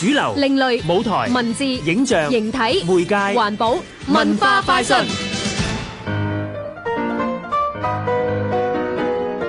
主流、另類舞台、文字、影像、形體、媒介、環保、文化快訊。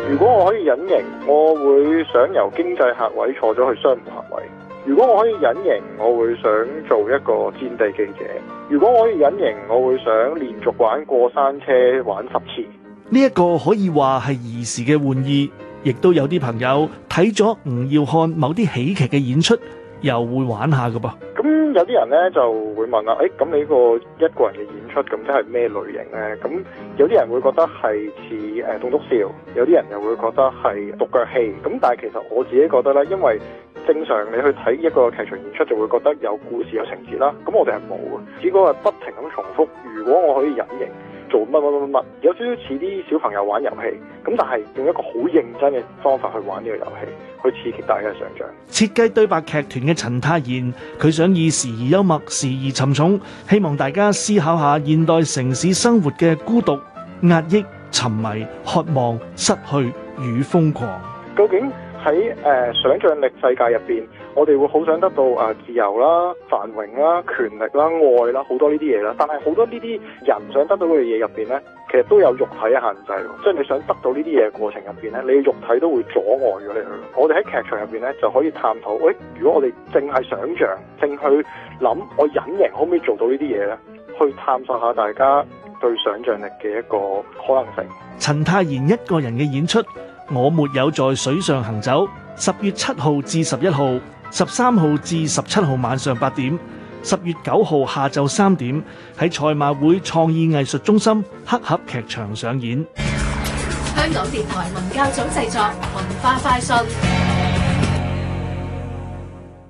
如果我可以隱形，我會想由經濟客位坐咗去商務客位。如果我可以隱形，我會想做一個戰地記者。如果我可以隱形，我會想連續玩過山車玩十次。呢一個可以話係兒時嘅玩意，亦都有啲朋友睇咗唔要看某啲喜劇嘅演出。又會玩下㗎噃，咁有啲人呢就會問啦，誒、欸、咁你個一個人嘅演出咁即係咩類型呢？咁有啲人會覺得係似誒棟篤笑，有啲人又會覺得係獨腳戲。咁但係其實我自己覺得咧，因為正常你去睇一個劇場演出就會覺得有故事，有情節啦。咁我哋係冇嘅，只不過係不停咁重複。如果我可以隱形。做乜乜乜乜乜，有少少似啲小朋友玩遊戲，咁但係用一個好認真嘅方法去玩呢個遊戲，去刺激大家嘅想像。設計對白劇團嘅陳泰賢，佢想以時而幽默、時而沉重，希望大家思考下現代城市生活嘅孤獨、壓抑、沉迷、渴望、失去與瘋狂。究竟喺誒想像力世界入邊？我哋會好想得到啊自由啦、繁榮啦、權力啦、愛啦，好多呢啲嘢啦。但係好多呢啲人想得到嘅嘢入邊呢，其實都有肉體限制。即係你想得到呢啲嘢過程入邊呢，你嘅肉體都會阻礙咗你去。我哋喺劇場入邊呢，就可以探討，誒，如果我哋淨係想像、淨去諗，我隱形可唔可以做到呢啲嘢呢？去探索下大家對想像力嘅一個可能性。陳泰賢一個人嘅演出《我沒有在水上行走》，十月七號至十一號。十三號至十七號晚上八點，十月九號下晝三點，喺賽馬會創意藝術中心黑盒劇場上演。香港電台文教組製作文化快訊。